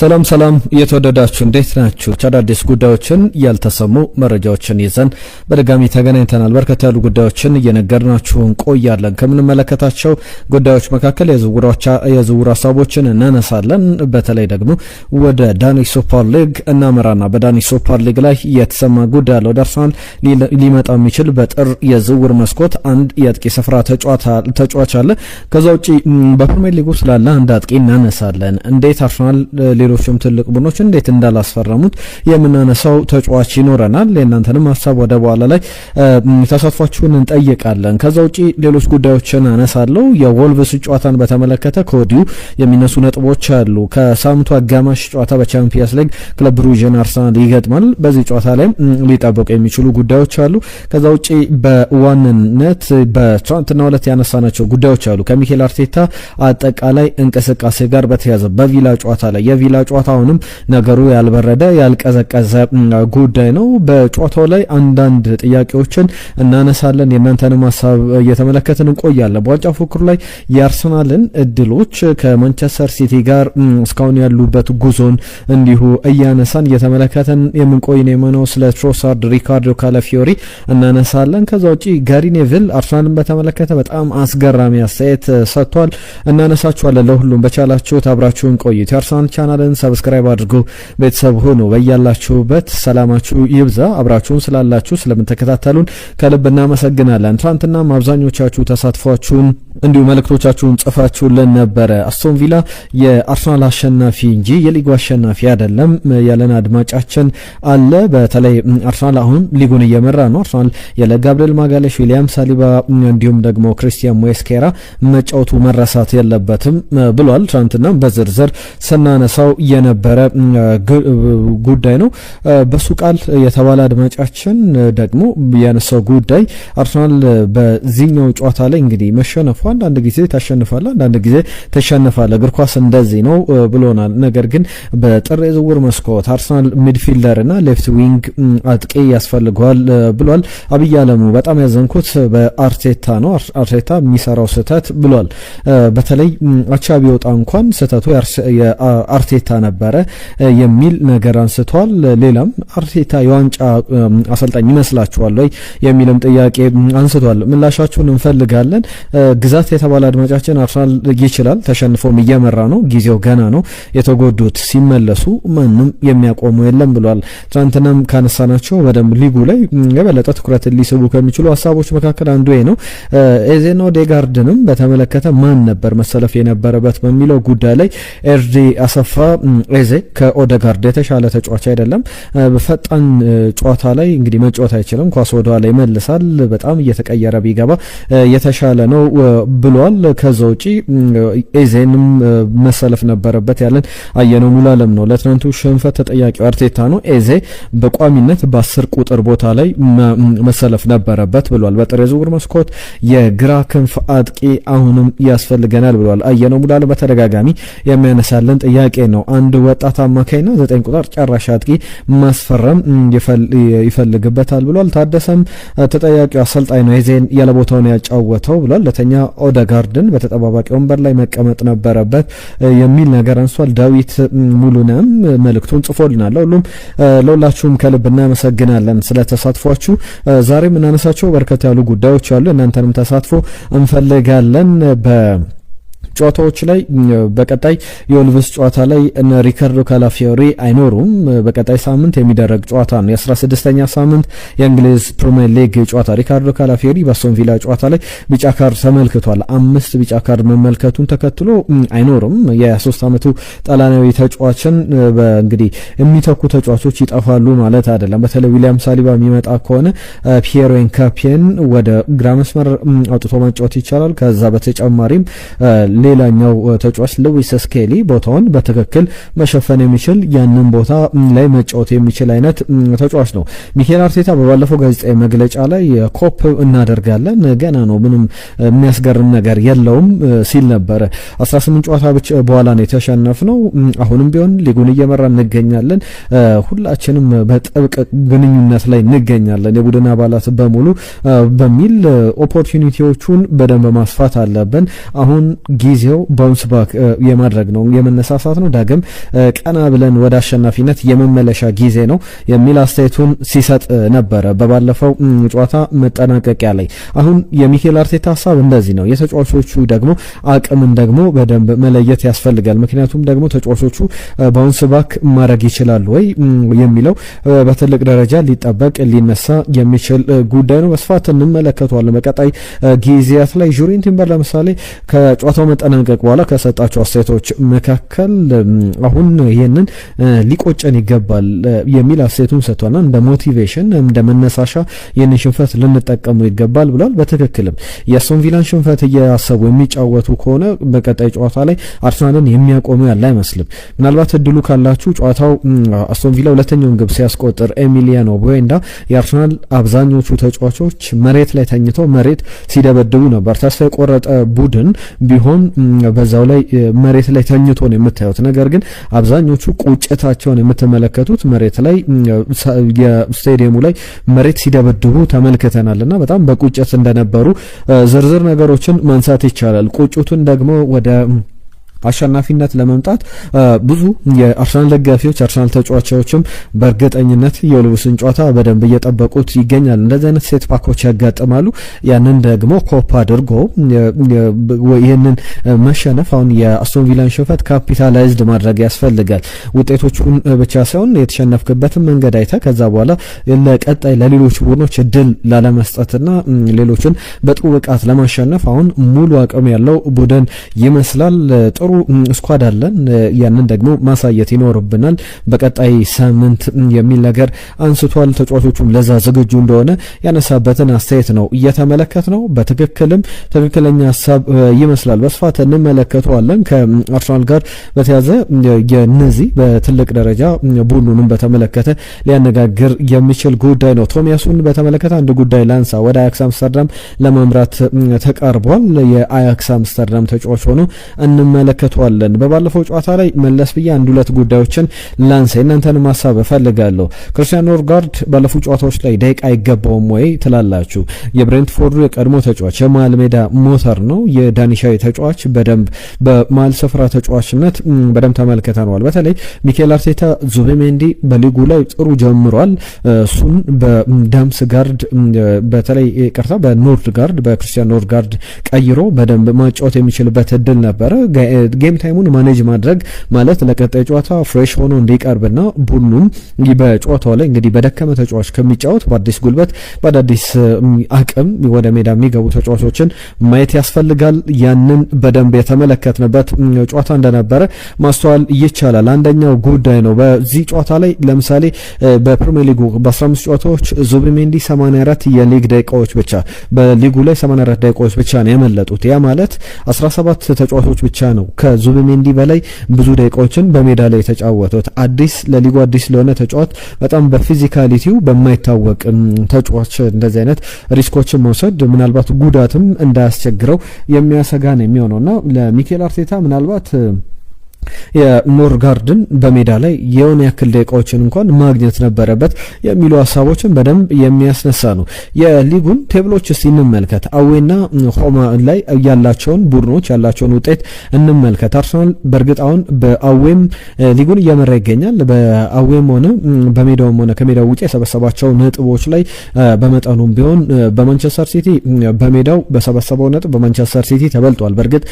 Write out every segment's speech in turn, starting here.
ሰላም ሰላም እየተወደዳችሁ እንዴት ናችሁ? አዳዲስ ጉዳዮችን ያልተሰሙ መረጃዎችን ይዘን በድጋሚ ተገናኝተናል። በርከት ያሉ ጉዳዮችን እየነገርናችሁ እንቆያለን። ከምንመለከታቸው ጉዳዮች መካከል የዝውውር ሀሳቦችን እናነሳለን። በተለይ ደግሞ ወደ ዳኒሽ ሱፐር ሊግ እናመራና በዳኒሽ ሱፐር ሊግ ላይ የተሰማ ጉዳይ ያለው ደርሰናል። ሊመጣ የሚችል በጥር የዝውውር መስኮት አንድ የአጥቂ ስፍራ ተጫዋች አለ። ከዛ ውጭ በፕሪሚየር ሊግ ውስጥ ላለ አንድ አጥቂ እናነሳለን። እንዴት አርሰናል ሌሎችም ትልቅ ቡድኖች እንዴት እንዳላስፈረሙት የምናነሳው ተጫዋች ይኖረናል። የእናንተንም ሀሳብ ወደ በኋላ ላይ ተሳትፏችሁን እንጠይቃለን። ከዛ ውጪ ሌሎች ጉዳዮችን አነሳለሁ። የወልቭስ ጨዋታን በተመለከተ ከወዲሁ የሚነሱ ነጥቦች አሉ። ከሳምንቱ አጋማሽ ጨዋታ በቻምፒየንስ ሊግ ክለብ ብሩዥን አርሰናል ይገጥማል። በዚህ ጨዋታ ላይ ሊጠበቁ የሚችሉ ጉዳዮች አሉ። ከዛ ውጪ በዋንነት በትናንትናው ዕለት ያነሳናቸው ጉዳዮች አሉ። ከሚኬል አርቴታ አጠቃላይ እንቅስቃሴ ጋር በተያያዘ በቪላ ጨዋታ ላይ የቪላ ጨዋታውንም ነገሩ ያልበረደ ያልቀዘቀዘ ጉዳይ ነው። በጨዋታው ላይ አንዳንድ ጥያቄዎችን እናነሳለን። የእናንተንም ሀሳብ እየተመለከትን እንቆያለን። በዋንጫ ፉክክሩ ላይ የአርሰናልን እድሎች ከማንቸስተር ሲቲ ጋር እስካሁን ያሉበት ጉዞን እንዲሁ እያነሳን እየተመለከተን የምንቆይ ነው የሆነው። ስለ ትሮሳርድ፣ ሪካርዶ ካላፊዮሪ እናነሳለን። ከዛ ውጪ ጋሪ ኔቪል አርሰናልን በተመለከተ በጣም አስገራሚ አስተያየት ሰጥቷል። እናነሳችኋለን። ለሁሉም በቻላችሁት አብራችሁን ቆይት የአርሰናል ቻናልን ቻናላችንን ሰብስክራይብ አድርጎ ቤተሰብ ሆኑ በያላችሁበት ሰላማችሁ ይብዛ። አብራችሁን ስላላችሁ ስለምትከታተሉን ከልብ እናመሰግናለን። ትናንትና አብዛኞቻችሁ ተሳትፏችሁን እንዲሁ መልእክቶቻችሁን ጽፋችሁልን ነበረ። አስቶን ቪላ የአርሰናል አሸናፊ እንጂ የሊጉ አሸናፊ አይደለም ያለን አድማጫችን አለ። በተለይ አርሰናል አሁን ሊጉን እየመራ ነው። አርሰናል ያለ ጋብሪኤል ማጋሌሽ፣ ዊሊያም ሳሊባ እንዲሁም ደግሞ ክሪስቲያን ሞስኬራ መጫወቱ መረሳት የለበትም ብሏል። ትናንትናም በዝርዝር ስናነሳው የነበረ ጉዳይ ነው። በሱ ቃል የተባለ አድማጫችን ደግሞ ያነሳው ጉዳይ አርሰናል በዚህኛው ጨዋታ ላይ እንግዲህ መሸነፉ አንዳንድ ጊዜ ታሸንፋለ፣ አንዳንድ ጊዜ ተሸንፋለ፣ እግር ኳስ እንደዚህ ነው ብሎናል። ነገር ግን በጥር የዝውውር መስኮት አርሰናል ሚድፊልደር እና ሌፍት ዊንግ አጥቂ ያስፈልገዋል ብሏል። አብይ አለሙ በጣም ያዘንኩት በአርቴታ ነው። አርቴታ የሚሰራው ስህተት ብሏል። በተለይ አቻ ቢወጣ እንኳን ስህተቱ የአርቴ አርቴታ ነበረ የሚል ነገር አንስቷል። ሌላም አርቴታ የዋንጫ አሰልጣኝ ይመስላችኋል ወይ የሚልም ጥያቄ አንስቷል። ምላሻችሁን እንፈልጋለን። ግዛት የተባለ አድማጫችን አርሰናል ይችላል፣ ተሸንፎም እየመራ ነው፣ ጊዜው ገና ነው፣ የተጎዱት ሲመለሱ ማንም የሚያቆሙ የለም ብሏል። ትናንትናም ካነሳናቸው በደንብ ሊጉ ላይ የበለጠ ትኩረት ሊስቡ ከሚችሉ ሀሳቦች መካከል አንዱ ነው። ኤዜኖ ዴጋርድንም በተመለከተ ማን ነበር መሰለፍ የነበረበት በሚለው ጉዳይ ላይ ኤርዲ አሰፋ ኤዜ ከኦደጋርድ የተሻለ ተጫዋች አይደለም። በፈጣን ጨዋታ ላይ እንግዲህ መጫወት አይችልም። ኳስ ወደኋላ ይመልሳል። በጣም እየተቀየረ ቢገባ የተሻለ ነው ብሏል። ከዛ ውጪ ኤዜንም መሰለፍ ነበረበት ያለን አየነው ሙሉ አለም ነው። ለትናንቱ ሽንፈት ተጠያቂው አርቴታ ነው። ኤዜ በቋሚነት በአስር ቁጥር ቦታ ላይ መሰለፍ ነበረበት ብሏል። በጥር የዝውውር መስኮት የግራ ክንፍ አጥቂ አሁንም ያስፈልገናል ብሏል። አየነው ሙሉ አለም በተደጋጋሚ የሚያነሳለን ጥያቄ ነው። ነው። አንድ ወጣት ነው ዘጠኝ ቁጥር ጨራሽ አጥቂ ማስፈረም ይፈልግበታል ብሏል። ታደሰም ተጠያቂው አሰልጣኝ ነው የዜን ያለ ቦታውን ያጫወተው ብሏል። ለተኛ ኦደጋርድን በተጠባባቂ ወንበር ላይ መቀመጥ ነበረበት የሚል ነገር አንስቷል። ዳዊት ሙሉነም መልእክቱን ጽፎልናል። ሁሉም ለሁላችሁም ከልብ እናመሰግናለን ስለ ዛሬ የምናነሳቸው በርከት ያሉ ጉዳዮች አሉ። እናንተንም ተሳትፎ እንፈልጋለን በ ጨዋታዎች ላይ በቀጣይ የወልቭስ ጨዋታ ላይ እነ ሪካርዶ ካላፊዮሪ አይኖሩም። በቀጣይ ሳምንት የሚደረግ ጨዋታ ነው። የ16ኛ ሳምንት የእንግሊዝ ፕሪሚየር ሊግ ጨዋታ ሪካርዶ ካላፊዮሪ በአስቶን ቪላ ጨዋታ ላይ ቢጫ ካርድ ተመልክቷል። አምስት ቢጫ ካርድ መመልከቱን ተከትሎ አይኖርም። የ23 አመቱ ጣሊያናዊ ተጫዋችን እንግዲህ የሚተኩ ተጫዋቾች ይጠፋሉ ማለት አይደለም። በተለይ ዊሊያም ሳሊባ የሚመጣ ከሆነ ፒየሮ ኤንካፒየን ወደ ግራ መስመር አውጥቶ ማጫወት ይቻላል። ከዛ በተጨማሪም ሌላኛው ተጫዋች ሉዊስ ስኬሊ ቦታውን በትክክል መሸፈን የሚችል ያንን ቦታ ላይ መጫወት የሚችል አይነት ተጫዋች ነው። ሚኬል አርቴታ በባለፈው ጋዜጣዊ መግለጫ ላይ ኮፕ እናደርጋለን ገና ነው ምንም የሚያስገርም ነገር የለውም ሲል ነበረ። 18 ጨዋታ ብቻ በኋላ ነው ነው። አሁንም ቢሆን ሊጉን እየመራ እንገኛለን። ሁላችንም በጥብቅ ግንኙነት ላይ እንገኛለን የቡድን አባላት በሙሉ በሚል ኦፖርቹኒቲዎቹን በደንብ ማስፋት አለብን አሁን ጊዜው ባውንስ ባክ uh, የማድረግ ነው የመነሳሳት ነው። ዳግም uh, ቀና ብለን ወደ አሸናፊነት የመመለሻ ጊዜ ነው የሚል አስተያየቱን ሲሰጥ uh, ነበረ በባለፈው um, ጨዋታ መጠናቀቂያ ላይ። አሁን የሚኬል አርቴታ ሀሳብ እንደዚህ ነው። የተጫዋቾቹ ደግሞ አቅምን ደግሞ በደንብ መለየት ያስፈልጋል። ምክንያቱም ደግሞ ተጫዋቾቹ ባውንስ ባክ ማድረግ ይችላሉ ወይ um, የሚለው በትልቅ ደረጃ ሊጠበቅ ሊነሳ የሚችል ጉዳይ ነው። በስፋት እንመለከተዋለን በቀጣይ ጊዜያት ላይ ጁሪን ቲምበር ለምሳሌ ከጨዋታው መጠናቀቅ በኋላ ከሰጣቸው አስተያየቶች መካከል አሁን ይህንን ሊቆጨን ይገባል የሚል አስተያየቱን ሰጥቷልና እንደ ሞቲቬሽን እንደ መነሳሻ ይህንን ሽንፈት ልንጠቀሙ ይገባል ብሏል። በትክክልም የአስቶን ቪላን ሽንፈት እያሰቡ የሚጫወቱ ከሆነ በቀጣይ ጨዋታ ላይ አርሰናልን የሚያቆሙ ያለ አይመስልም። ምናልባት እድሉ ካላችሁ ጨዋታው አስቶን ቪላ ሁለተኛውን ግብ ሲያስቆጥር ኤሚሊያኖ ቦዌንዳ የአርሰናል አብዛኞቹ ተጫዋቾች መሬት ላይ ተኝተው መሬት ሲደበድቡ ነበር። ተስፋ የቆረጠ ቡድን ቢሆን በዛው ላይ መሬት ላይ ተኝቶ ነው የምታዩት። ነገር ግን አብዛኞቹ ቁጭታቸውን የምትመለከቱት መሬት ላይ የስቴዲየሙ ላይ መሬት ሲደበድቡ ተመልክተናልና በጣም በቁጭት እንደነበሩ ዝርዝር ነገሮችን ማንሳት ይቻላል። ቁጭቱን ደግሞ ወደ አሸናፊነት ለመምጣት ብዙ የአርሰናል ደጋፊዎች አርሰናል ተጫዋቾችም በእርግጠኝነት የልብስን ጨዋታ በደንብ እየጠበቁት ይገኛል። እንደዚህ አይነት ሴት ፓኮች ያጋጥማሉ። ያንን ደግሞ ኮፕ አድርጎ ይህንን መሸነፍ አሁን የአስቶን ቪላን ሽንፈት ካፒታላይዝድ ማድረግ ያስፈልጋል። ውጤቶቹን ብቻ ሳይሆን የተሸነፍክበትን መንገድ አይተ ከዛ በኋላ ለቀጣይ ለሌሎች ቡድኖች እድል ላለመስጠትና ሌሎችን በጥሩ ብቃት ለማሸነፍ አሁን ሙሉ አቅም ያለው ቡድን ይመስላል ጥሩ ጥሩ ስኳድ አለን። ያንን ደግሞ ማሳየት ይኖርብናል። በቀጣይ ሳምንት የሚል ነገር አንስቷል። ተጫዋቾቹም ለዛ ዝግጁ እንደሆነ ያነሳበትን አስተያየት ነው እየተመለከት ነው። በትክክልም ትክክለኛ ሀሳብ ይመስላል። በስፋት እንመለከተዋለን። ከአርሰናል ጋር በተያዘ የነዚህ በትልቅ ደረጃ ቡድኑንም በተመለከተ ሊያነጋግር የሚችል ጉዳይ ነው። ቶሚያሱን በተመለከተ አንድ ጉዳይ ላንሳ። ወደ አያክስ አምስተርዳም ለማምራት ተቃርቧል። የአያክስ አምስተርዳም ተጫዋች ሆኖ እንመለከ እንመለከተዋለን። በባለፈው ጨዋታ ላይ መለስ ብዬ አንድ ሁለት ጉዳዮችን ላንሳ፣ እናንተን ማሳብ እፈልጋለሁ። ክርስቲያን ኖርጋርድ ባለፉት ጨዋታዎች ላይ ደቂቃ አይገባውም ወይ ትላላችሁ? የብሬንትፎርዱ የቀድሞ ተጫዋች የመሀል ሜዳ ሞተር ነው። የዳኒሻዊ ተጫዋች በደንብ በመሀል ስፍራ ተጫዋችነት በደንብ ተመልክተነዋል። በተለይ ሚኬል አርቴታ ዙቤሜንዲ በሊጉ ላይ ጥሩ ጀምሯል። እሱን በዳምስ ጋርድ በተለይ ቅርታ በኖርድ ጋርድ በክርስቲያን ኖርድ ጋርድ ቀይሮ በደንብ ማጫወት የሚችልበት እድል ነበረ። ጌም ታይሙን ማኔጅ ማድረግ ማለት ለቀጣይ ጨዋታ ፍሬሽ ሆኖ እንዲቀርብና ቡድኑም በጨዋታው ላይ እንግዲህ በደከመ ተጫዋች ከሚጫወት በአዲስ ጉልበት በአዳዲስ አቅም ወደ ሜዳ የሚገቡ ተጫዋቾችን ማየት ያስፈልጋል። ያንን በደንብ የተመለከትንበት ጨዋታ እንደነበረ ማስተዋል ይቻላል። አንደኛው ጉዳይ ነው። በዚህ ጨዋታ ላይ ለምሳሌ በፕሪሚየር ሊጉ በ15 ጨዋታዎች ዙቢሜንዲ 84 የሊግ ደቂቃዎች ብቻ በሊጉ ላይ 84 ደቂቃዎች ብቻ ነው የመለጡት። ያ ማለት 17 ተጫዋቾች ብቻ ነው ከዙብሜንዲ በላይ ብዙ ደቂቃዎችን በሜዳ ላይ የተጫወቱት አዲስ ለሊጉ አዲስ ለሆነ ተጫዋች በጣም በፊዚካሊቲው በማይታወቅ ተጫዋች እንደዚህ አይነት ሪስኮችን መውሰድ ምናልባት ጉዳትም እንዳያስቸግረው የሚያሰጋ ነው የሚሆነውና ለሚኬል አርቴታ ምናልባት ጋርድን በሜዳ ላይ የሆነ ያክል ደቂቃዎችን እንኳን ማግኘት ነበረበት የሚሉ ሀሳቦችን በደንብ የሚያስነሳ ነው። የሊጉን ቴብሎች እስቲ እንመልከት። አዌና ሆማ ላይ ያላቸውን ቡድኖች ያላቸውን ውጤት እንመልከት። አርሰናል በእርግጥ አሁን በአዌም ሊጉን እየመራ ይገኛል። በአዌም ሆነ በሜዳውም ሆነ ከሜዳው ውጭ የሰበሰባቸው ነጥቦች ላይ በመጠኑም ቢሆን በማንቸስተር ሲቲ በሜዳው በሰበሰበው ነጥብ በማንቸስተር ሲቲ ተበልጧል። በእርግጥ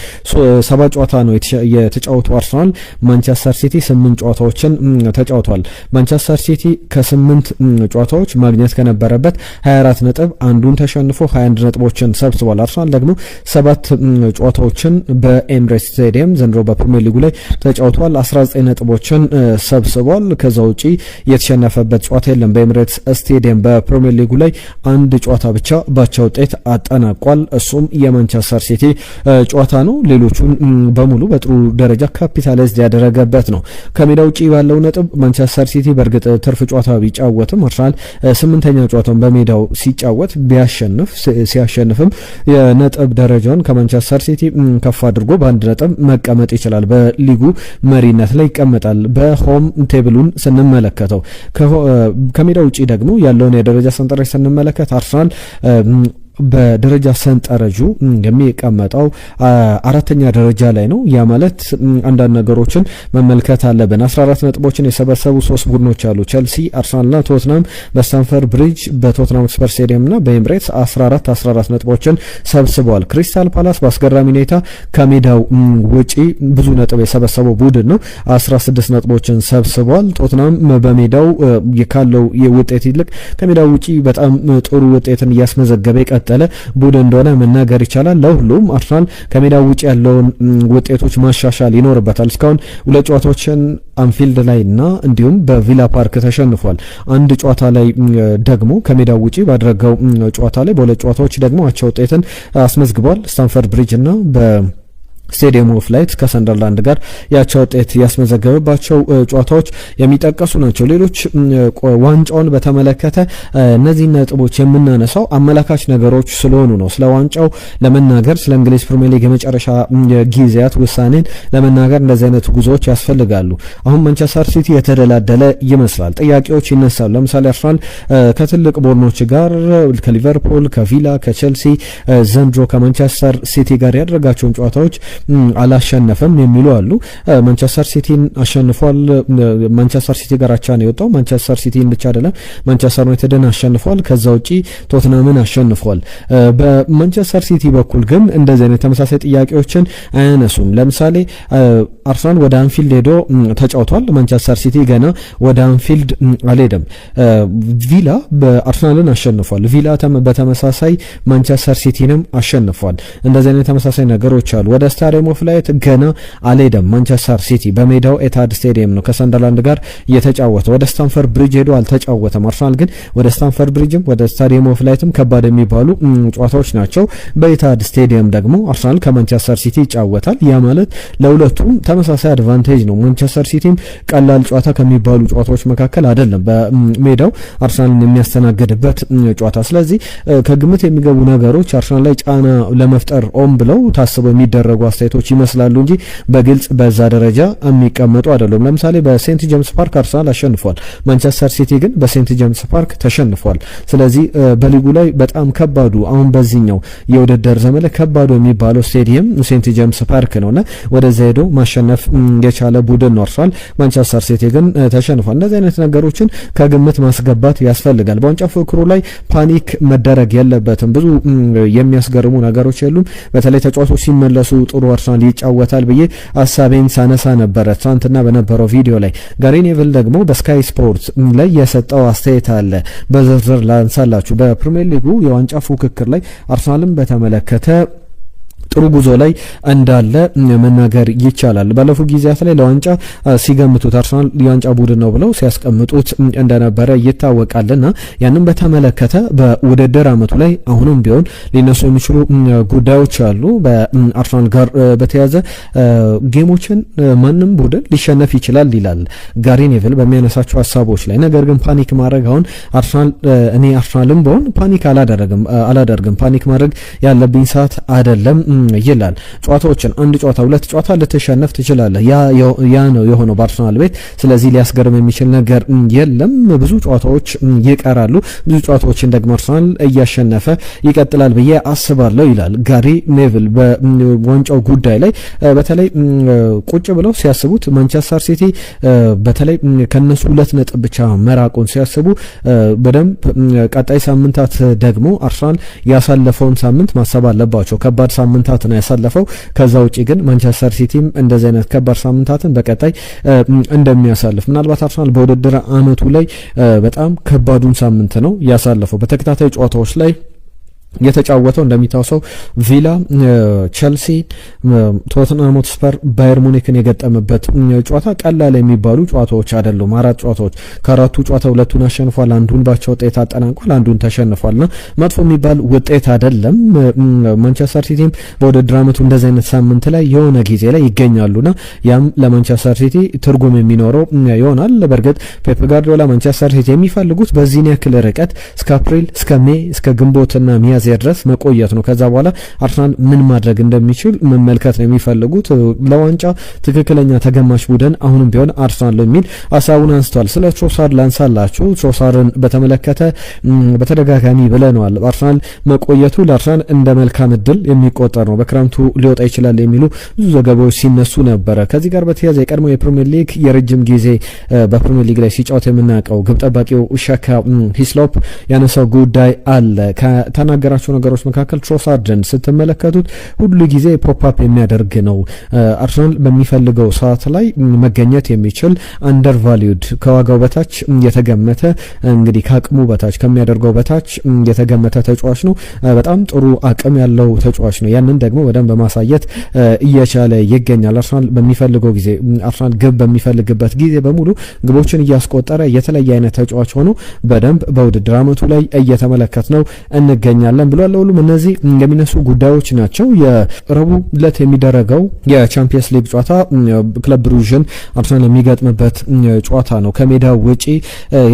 ሰባ ጨዋታ ነው የተጫወቱ አርሰናል ተጫውተዋል። ማንቸስተር ሲቲ ስምንት ጨዋታዎችን ተጫውቷል። ማንቸስተር ሲቲ ከስምንት ጨዋታዎች ማግኘት ከነበረበት 24 ነጥብ አንዱን ተሸንፎ 21 ነጥቦችን ሰብስቧል። አርሰናል ደግሞ ሰባት ጨዋታዎችን በኤምሬትስ ስቴዲየም ዘንድሮ በፕሪሚየር ሊጉ ላይ ተጫውቷል። 19 ነጥቦችን ሰብስቧል። ከዛ ውጪ የተሸነፈበት ጨዋታ የለም። በኤምሬትስ ስቴዲየም በፕሪሚየር ሊጉ ላይ አንድ ጨዋታ ብቻ ባቻ ውጤት አጠናቋል። እሱም የማንቸስተር ሲቲ ጨዋታ ነው። ሌሎቹን በሙሉ በጥሩ ደረጃ ካፒታል ሞንታሌዝ ያደረገበት ነው። ከሜዳ ውጪ ባለው ነጥብ ማንቸስተር ሲቲ በእርግጥ ትርፍ ጨዋታ ቢጫወትም አርሰናል ስምንተኛ ጨዋታውን በሜዳው ሲጫወት ቢያሸንፍ ሲያሸንፍም የነጥብ ደረጃውን ከማንቸስተር ሲቲ ከፍ አድርጎ በአንድ ነጥብ መቀመጥ ይችላል። በሊጉ መሪነት ላይ ይቀመጣል። በሆም ቴብሉን ስንመለከተው ከሜዳ ውጭ ደግሞ ያለውን የደረጃ ሰንጠረዥ ስንመለከት አርሰናል በደረጃ ሰንጠረዡ የሚቀመጠው አራተኛ ደረጃ ላይ ነው። ያ ማለት አንዳንድ ነገሮችን መመልከት አለብን። 14 ነጥቦችን የሰበሰቡ ሶስት ቡድኖች አሉ። ቸልሲ፣ አርሰናልና ቶትናም በስታንፈርድ ብሪጅ በቶትናም ስፐር ስቴዲየምና በኤምሬትስ 14 14 ነጥቦችን ሰብስበዋል። ክሪስታል ፓላስ በአስገራሚ ሁኔታ ከሜዳው ውጪ ብዙ ነጥብ የሰበሰበው ቡድን ነው። 16 ነጥቦችን ሰብስበዋል። ቶትናም በሜዳው ካለው ውጤት ይልቅ ከሜዳው ውጪ በጣም ጥሩ ውጤትን እያስመዘገበ ይቀጥላል። የቀጠለ ቡድን እንደሆነ መናገር ይቻላል። ለሁሉም አርሰናል ከሜዳ ውጭ ያለውን ውጤቶች ማሻሻል ይኖርበታል። እስካሁን ሁለት ጨዋታዎችን አንፊልድ ላይ እና እንዲሁም በቪላ ፓርክ ተሸንፏል። አንድ ጨዋታ ላይ ደግሞ ከሜዳ ውጪ ባደረገው ጨዋታ ላይ በሁለት ጨዋታዎች ደግሞ አቻ ውጤትን አስመዝግቧል። ስታንፈርድ ብሪጅ እና በ ስቴዲየም ኦፍ ላይት ከሰንደርላንድ ጋር ያቻ ውጤት ያስመዘገበባቸው ጨዋታዎች የሚጠቀሱ ናቸው። ሌሎች ዋንጫውን በተመለከተ እነዚህ ነጥቦች የምናነሳው አመላካች ነገሮች ስለሆኑ ነው። ስለ ዋንጫው ለመናገር ስለ እንግሊዝ ፕሪሚየር ሊግ የመጨረሻ ጊዜያት ውሳኔን ለመናገር እንደዚህ አይነት ጉዞዎች ያስፈልጋሉ። አሁን ማንቸስተር ሲቲ የተደላደለ ይመስላል። ጥያቄዎች ይነሳሉ። ለምሳሌ አርሰናል ከትልቅ ቡድኖች ጋር ከሊቨርፑል፣ ከቪላ፣ ከቼልሲ ዘንድሮ ከማንቸስተር ሲቲ ጋር ያደረጋቸውን ጨዋታዎች አላሸነፈም የሚሉ አሉ። ማንቸስተር ሲቲን አሸንፏል። ማንቸስተር ሲቲ ጋር አቻ ነው የወጣው። ማንቸስተር ሲቲን ብቻ አይደለም ማንቸስተር ዩናይትድን አሸንፏል። ከዛ ውጪ ቶትናምን አሸንፏል። በማንቸስተር ሲቲ በኩል ግን እንደዚህ አይነት ተመሳሳይ ጥያቄዎችን አያነሱም። ለምሳሌ አርሰናል ወደ አንፊልድ ሄዶ ተጫውቷል። ማንቸስተር ሲቲ ገና ወደ አንፊልድ አልሄደም። ቪላ በአርሰናልን አሸንፏል። ቪላ በተመሳሳይ ማንቸስተር ሲቲንም አሸንፏል። እንደዚህ አይነት ተመሳሳይ ነገሮች አሉ ወደ ስታዲየም ኦፍ ላይት ገና አልሄደም። ማንቸስተር ሲቲ በሜዳው ኤታድ ስታዲየም ነው ከሰንደርላንድ ጋር የተጫወተ። ወደ ስታንፈርድ ብሪጅ ሄዶ አልተጫወተም። አርሰናል ግን ወደ ስታንፈርድ ብሪጅም ወደ ስታዲየም ኦፍ ላይትም ከባድ የሚባሉ ጨዋታዎች ናቸው። በኤታድ ስታዲየም ደግሞ አርሰናል ከማንቸስተር ሲቲ ይጫወታል። ያ ማለት ለሁለቱም ተመሳሳይ አድቫንቴጅ ነው። ማንቸስተር ሲቲም ቀላል ጨዋታ ከሚባሉ ጨዋታዎች መካከል አይደለም በሜዳው አርሰናልን የሚያስተናግድበት ጨዋታ። ስለዚህ ከግምት የሚገቡ ነገሮች አርሰናል ላይ ጫና ለመፍጠር ኦም ብለው ታስበው የሚደረጉ አስተያየቶች ይመስላሉ እንጂ በግልጽ በዛ ደረጃ የሚቀመጡ አይደሉም። ለምሳሌ በሴንት ጀምስ ፓርክ አርሰናል አሸንፏል። ማንቸስተር ሲቲ ግን በሴንት ጀምስ ፓርክ ተሸንፏል። ስለዚህ በሊጉ ላይ በጣም ከባዱ አሁን በዚህኛው የውድድር ዘመን ላይ ከባዱ የሚባለው ስቴዲየም ሴንት ጀምስ ፓርክ ነውና ወደዛ ሄዶ ማሸነፍ የቻለ ቡድን ነው አርሰናል። ማንቸስተር ሲቲ ግን ተሸንፏል። እንደዚህ አይነት ነገሮችን ከግምት ማስገባት ያስፈልጋል። በዋንጫ ፉክክሩ ላይ ፓኒክ መደረግ የለበትም። ብዙ የሚያስገርሙ ነገሮች የሉም። በተለይ ተጫዋቾች ሲመለሱ ጥሩ በአርሰናል ይጫወታል ብዬ ሀሳቤን ሳነሳ ነበረ ትናንትና በነበረው ቪዲዮ ላይ። ጋሪ ኔቭል ደግሞ በስካይ ስፖርት ላይ የሰጠው አስተያየት አለ፣ በዝርዝር ላንሳላችሁ። በፕሪሚየር ሊጉ የዋንጫ ፉክክር ላይ አርሰናልን በተመለከተ ጥሩ ጉዞ ላይ እንዳለ መናገር ይቻላል። ባለፉት ጊዜያት ላይ ለዋንጫ ሲገምቱት አርሰናል የዋንጫ ቡድን ነው ብለው ሲያስቀምጡት እንደነበረ ይታወቃልና ያንም በተመለከተ በውድድር ዓመቱ ላይ አሁንም ቢሆን ሊነሱ የሚችሉ ጉዳዮች አሉ። በአርሰናል ጋር በተያዘ ጌሞችን ማንም ቡድን ሊሸነፍ ይችላል ይላል ጋሪ ኔቭል በሚያነሳቸው ሀሳቦች ላይ። ነገር ግን ፓኒክ ማድረግ አሁን አርሰናል እኔ አርሰናልም በሆን ፓኒክ አላደርግም። ፓኒክ ማድረግ ያለብኝ ሰዓት አይደለም። ይላል። ጨዋታዎችን አንድ ጨዋታ ሁለት ጨዋታ ልትሸነፍ ትችላለህ። ያ ነው የሆነው በአርሰናል ቤት። ስለዚህ ሊያስገርም የሚችል ነገር የለም። ብዙ ጨዋታዎች ይቀራሉ። ብዙ ጨዋታዎችን ደግሞ አርሰናል እያሸነፈ ይቀጥላል ብዬ አስባለሁ ይላል ጋሪ ኔቭል በዋንጫው ጉዳይ ላይ በተለይ ቁጭ ብለው ሲያስቡት ማንቸስተር ሲቲ በተለይ ከነሱ ሁለት ነጥብ ብቻ መራቁን ሲያስቡ በደንብ ቀጣይ ሳምንታት ደግሞ አርሰናል ያሳለፈውን ሳምንት ማሰብ አለባቸው። ከባድ ሳምንት ሳምንታት ነው ያሳለፈው። ከዛ ውጪ ግን ማንቸስተር ሲቲም እንደዚህ አይነት ከባድ ሳምንታትን በቀጣይ እንደሚያሳልፍ ምናልባት አርሰናል በውድድር አመቱ ላይ በጣም ከባዱን ሳምንት ነው ያሳለፈው በተከታታይ ጨዋታዎች ላይ የተጫወተው እንደሚታወሰው ቪላ ቸልሲ፣ ቶትናም ሆትስፐር፣ ባየር ሙኒክን የገጠመበት ጨዋታ ቀላል የሚባሉ ጨዋታዎች አይደሉም። አራት ጨዋታዎች ከአራቱ ጨዋታ ሁለቱን አሸንፏል፣ አንዱን ባቻ ውጤት አጠናቋል፣ አንዱን ተሸንፏልና መጥፎ የሚባል ውጤት አይደለም። ማንቸስተር ሲቲም በውድድር ዓመቱ እንደዚህ አይነት ሳምንት ላይ የሆነ ጊዜ ላይ ይገኛሉና ያም ለማንቸስተር ሲቲ ትርጉም የሚኖረው ይሆናል። በእርግጥ ፔፕ ጋርዲዮላ ማንቸስተር ሲቲ የሚፈልጉት በዚህን ያክል ርቀት እስከ አፕሪል እስከ ሜ እስከ ግንቦትና ሚያ ሚያዝያ ድረስ መቆየት ነው። ከዛ በኋላ አርሰናል ምን ማድረግ እንደሚችል መመልከት ነው የሚፈልጉት። ለዋንጫ ትክክለኛ ተገማች ቡድን አሁንም ቢሆን አርሰናል የሚል ሀሳቡን አንስቷል። ስለ ትሮሳርድ ላንሳላችሁ። ትሮሳርን በተመለከተ በተደጋጋሚ ብለነዋል። አርሰናል መቆየቱ ለአርሰናል እንደ መልካም እድል የሚቆጠር ነው። በክረምቱ ሊወጣ ይችላል የሚሉ ብዙ ዘገባዎች ሲነሱ ነበረ። ከዚህ ጋር በተያያዘ የቀድሞ የፕሪሚየር ሊግ የረጅም ጊዜ በፕሪሚየር ሊግ ላይ ሲጫወት የምናውቀው ግብ ጠባቂው ሻካ ሂስሎፕ ያነሳው ጉዳይ አለ ተናጋ ከሚናገራቸው ነገሮች መካከል ትሮሳርድን ስትመለከቱት ሁሉ ጊዜ ፖፕአፕ የሚያደርግ ነው። አርሰናል በሚፈልገው ሰዓት ላይ መገኘት የሚችል ቫሊዩድ ከዋጋው በታች የተገመተ እንግዲህ ከአቅሙ በታች ከሚያደርገው በታች የተገመተ ተጫዋች ነው። በጣም ጥሩ አቅም ያለው ተጫዋች ነው። ያንን ደግሞ በደንብ በማሳየት እየቻለ ይገኛል። አርሰናል በሚፈልገው ጊዜ አርሰናል ግብ በሚፈልግበት ጊዜ በሙሉ ግቦችን እያስቆጠረ የተለየ አይነት ተጫዋች ሆኖ በደንብ በውድድር ዓመቱ ላይ እየተመለከት ነው እንገኛለን። እንቀጥላለን ብሏል። ለሁሉም እነዚህ የሚነሱ ጉዳዮች ናቸው። የረቡዕ ዕለት የሚደረገው የቻምፒየንስ ሊግ ጨዋታ ክለብ ብሩዥን አርሰናል የሚገጥምበት ጨዋታ ነው። ከሜዳ ውጪ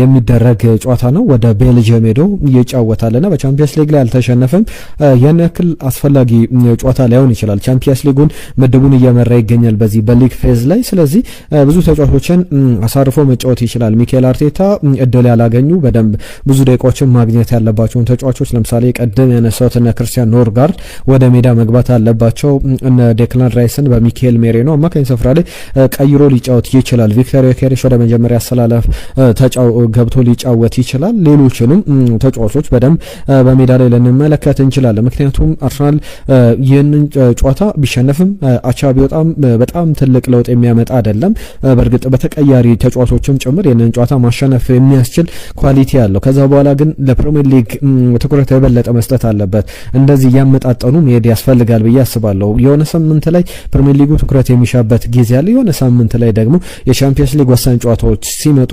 የሚደረግ ጨዋታ ነው። ወደ ቤልጅየም ሄዶ ይጫወታልና በቻምፒየንስ ሊግ ላይ አልተሸነፈም። ያን ያክል አስፈላጊ ጨዋታ ላይሆን ይችላል። ቻምፒየንስ ሊጉን ምድቡን እየመራ ይገኛል በዚህ በሊግ ፌዝ ላይ። ስለዚህ ብዙ ተጫዋቾችን አሳርፎ መጫወት ይችላል። ሚካኤል አርቴታ እድል ያላገኙ በደንብ ብዙ ደቂቃዎችን ማግኘት ያለባቸውን ተጫዋቾች ለምሳሌ ቡድን ያነሳሁት እነ ክርስቲያን ኖርጋርድ ወደ ሜዳ መግባት አለባቸው። እነ ዴክላን ራይስን በሚካኤል ሜሬኖ አማካኝ ስፍራ ላይ ቀይሮ ሊጫወት ይችላል። ቪክቶር ዮኬሬሽ ወደ መጀመሪያ አሰላለፍ ገብቶ ሊጫወት ይችላል። ሌሎችንም ተጫዋቾች በደንብ በሜዳ ላይ ልንመለከት እንችላለን። ምክንያቱም አርሰናል ይህንን ጨዋታ ቢሸነፍም አቻ ቢወጣም በጣም ትልቅ ለውጥ የሚያመጣ አይደለም። በእርግጥ በተቀያሪ ተጫዋቾችም ጭምር ይህንን ጨዋታ ማሸነፍ የሚያስችል ኳሊቲ አለው። ከዛ በኋላ ግን ለፕሪሚየር ሊግ ትኩረት የበለጠ መስጠት አለበት። እንደዚህ እያመጣጠኑ መሄድ ያስፈልጋል ብዬ አስባለሁ። የሆነ ሳምንት ላይ ፕሪሚየር ሊጉ ትኩረት የሚሻበት ጊዜ አለ። የሆነ ሳምንት ላይ ደግሞ የቻምፒየንስ ሊግ ወሳኝ ጨዋታዎች ሲመጡ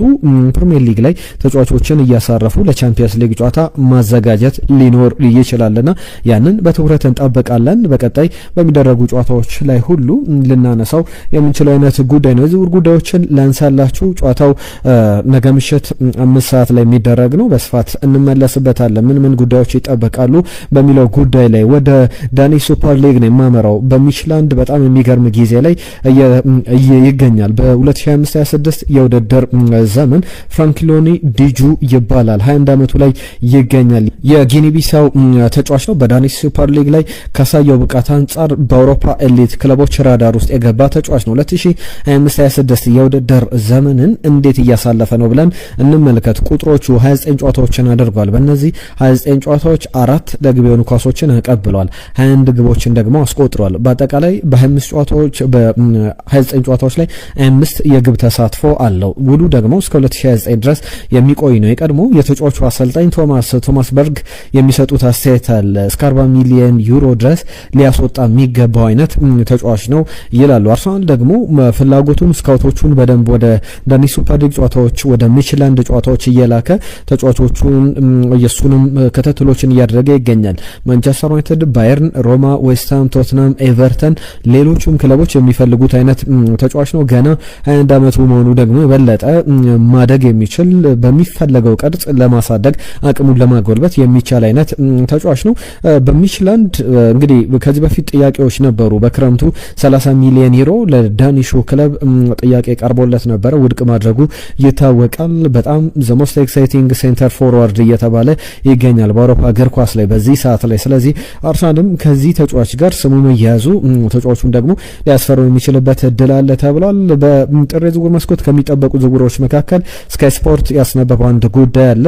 ፕሪሚየር ሊግ ላይ ተጫዋቾችን እያሳረፉ ለቻምፒየንስ ሊግ ጨዋታ ማዘጋጀት ሊኖር ይችላልና ያንን በትኩረት እንጠብቃለን። በቀጣይ በሚደረጉ ጨዋታዎች ላይ ሁሉ ልናነሳው የምንችለው አይነት ጉዳይ ነው። የዝውውር ጉዳዮችን ላንሳላችሁ። ጨዋታው ነገ ምሽት አምስት ሰዓት ላይ የሚደረግ ነው። በስፋት እንመለስበታለን። ምን ምን ጉዳዮች ይጠበቃል ይጠብቃሉ በሚለው ጉዳይ ላይ ወደ ዳኒ ሱፐር ሊግ ነው የማመራው በሚችል በጣም የሚገርም ጊዜ ላይ ይገኛል። በ2025/26 የውድድር ዘመን ፍራንክሎኒ ዲጁ ይባላል። 21 ዓመቱ ላይ ይገኛል። የጊኒቢሳው ተጫዋች ነው። በዳኒሽ ሱፐር ሊግ ላይ ካሳየው ብቃት አንጻር በአውሮፓ ኤሊት ክለቦች ራዳር ውስጥ የገባ ተጫዋች ነው። 2025/26 የውድድር ዘመንን እንዴት እያሳለፈ ነው ብለን እንመልከት። ቁጥሮቹ 29 ጨዋታዎችን አድርጓል። በእነዚህ 29 ጨዋታዎች አራት ደግብ የሆኑ ኳሶችን ቀብሏል። 21 ግቦችን ደግሞ አስቆጥሯል። በአጠቃላይ በ25 ጨዋታዎች በ29 ጨዋታዎች ላይ 25 የግብ ተሳትፎ አለው። ውሉ ደግሞ እስከ 2029 ድረስ የሚቆይ ነው። የቀድሞ የተጫዋቹ አሰልጣኝ ቶማስ ቶማስ በርግ የሚሰጡት አስተያየት አለ። እስከ 40 ሚሊዮን ዩሮ ድረስ ሊያስወጣ የሚገባው አይነት ተጫዋች ነው ይላሉ። አርሰናል ደግሞ ፍላጎቱን ስካውቶቹን በደንብ ወደ ዳኒሽ ሱፐር ሊግ ጨዋታዎች ወደ ሚችላንድ ጨዋታዎች እየላከ ተጫዋቾቹን የእሱንም ክትትሎችን እያደረገ እያደረገ ይገኛል። ማንቸስተር ዩናይትድ፣ ባየርን፣ ሮማ፣ ዌስትሃም፣ ቶትናም፣ ኤቨርተን ሌሎቹም ክለቦች የሚፈልጉት አይነት ተጫዋች ነው። ገና 21 ዓመቱ መሆኑ ደግሞ የበለጠ ማደግ የሚችል በሚፈለገው ቅርጽ ለማሳደግ አቅሙን ለማጎልበት የሚቻል አይነት ተጫዋች ነው። በሚችላንድ እንግዲህ ከዚህ በፊት ጥያቄዎች ነበሩ። በክረምቱ 30 ሚሊዮን ዩሮ ለዳኒሹ ክለብ ጥያቄ ቀርቦለት ነበረ። ውድቅ ማድረጉ ይታወቃል። በጣም ዘ ሞስት ኤክሳይቲንግ ሴንተር ፎርዋርድ እየተባለ ይገኛል በአውሮፓ እግር ኳስ ኳስ ላይ በዚህ ሰዓት ላይ። ስለዚህ አርሰናልም ከዚህ ተጫዋች ጋር ስሙ መያዙ ተጫዋቹም ደግሞ ሊያስፈረው የሚችልበት እድል አለ ተብሏል። በጥር የዝውውር መስኮት ከሚጠበቁ ዝውውሮች መካከል ስካይ ስፖርት ያስነበበው አንድ ጉዳይ አለ።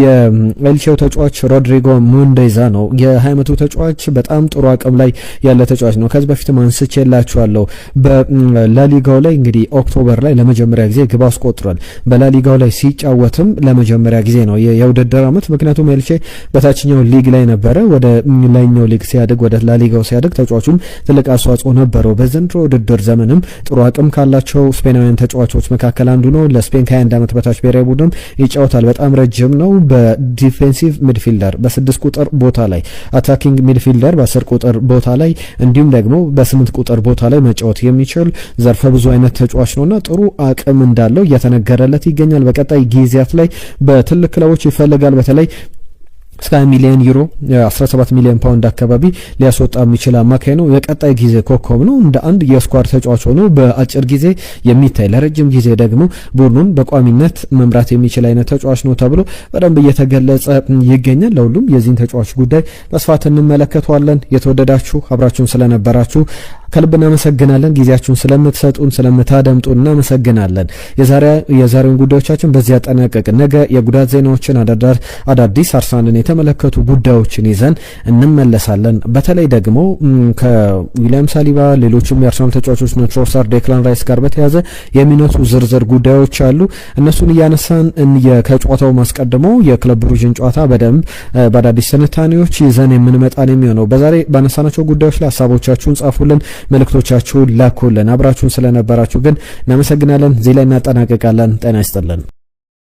የኤልቼው ተጫዋች ሮድሪጎ ሞንዴዛ ነው። የሃያ ዓመቱ ተጫዋች በጣም ጥሩ አቅም ላይ ያለ ተጫዋች ነው። ከዚህ በፊት አንስቼላችኋለሁ። በላሊጋው ላይ እንግዲህ ኦክቶበር ላይ ለመጀመሪያ ጊዜ ግብ አስቆጥሯል። በላሊጋው ላይ ሲጫወትም ለመጀመሪያ ጊዜ ነው የውድድር አመት። ምክንያቱም ኤልቼ በታችኛው ሊግ ላይ ነበረ። ወደ ላይኛው ሊግ ሲያድግ፣ ወደ ላሊጋው ሲያድግ ተጫዋቹም ትልቅ አስተዋጽኦ ነበረው። በዘንድሮ ውድድር ዘመንም ጥሩ አቅም ካላቸው ስፔናውያን ተጫዋቾች መካከል አንዱ ነው። ለስፔን ከ21 ዓመት በታች ብሔራዊ ቡድንም ይጫወታል። በጣም ረጅም ነው። በዲፌንሲቭ ሚድፊልደር በስድስት ቁጥር ቦታ ላይ አታኪንግ ሚድፊልደር በአስር ቁጥር ቦታ ላይ እንዲሁም ደግሞ በስምንት ቁጥር ቦታ ላይ መጫወት የሚችል ዘርፈ ብዙ አይነት ተጫዋች ነውና ጥሩ አቅም እንዳለው እየተነገረለት ይገኛል። በቀጣይ ጊዜያት ላይ በትልቅ ክለቦች ይፈልጋል በተለይ እስከ 1 ሚሊዮን ዩሮ 17 ሚሊዮን ፓውንድ አካባቢ ሊያስወጣ የሚችል አማካይ ነው። የቀጣይ ጊዜ ኮከብ ነው። እንደ አንድ የስኳድ ተጫዋች ሆኖ በአጭር ጊዜ የሚታይ ለረጅም ጊዜ ደግሞ ቡድኑን በቋሚነት መምራት የሚችል አይነት ተጫዋች ነው ተብሎ በደንብ እየተገለጸ ይገኛል። ለሁሉም የዚህን ተጫዋች ጉዳይ በስፋት እንመለከተዋለን። የተወደዳችሁ አብራችሁን ስለነበራችሁ ከልብ እናመሰግናለን። ጊዜያችሁን ስለምትሰጡን ስለምታደምጡን እናመሰግናለን። የዛሬውን ጉዳዮቻችን በዚህ ያጠናቀቅን። ነገ የጉዳት ዜናዎችን አዳዳር አዳዲስ አርሳ የተመለከቱ ጉዳዮችን ይዘን እንመለሳለን። በተለይ ደግሞ ከዊሊያም ሳሊባ ሌሎችም የአርሰናል ተጫዋቾች ትሮሳር፣ ዴክላን ራይስ ጋር በተያዘ የሚነሱ ዝርዝር ጉዳዮች አሉ። እነሱን እያነሳን ከጨዋታው ማስቀድሞ የክለብ ብሩዥን ጨዋታ በደንብ በአዳዲስ ትንታኔዎች ይዘን የምንመጣን የሚሆነው በዛሬ ባነሳናቸው ጉዳዮች ላይ ሀሳቦቻችሁን ጻፉልን። መልእክቶቻችሁን ላኩልን። አብራችሁን ስለነበራችሁ ግን እናመሰግናለን። እዚህ ላይ እናጠናቀቃለን። ጤና ይስጥልን።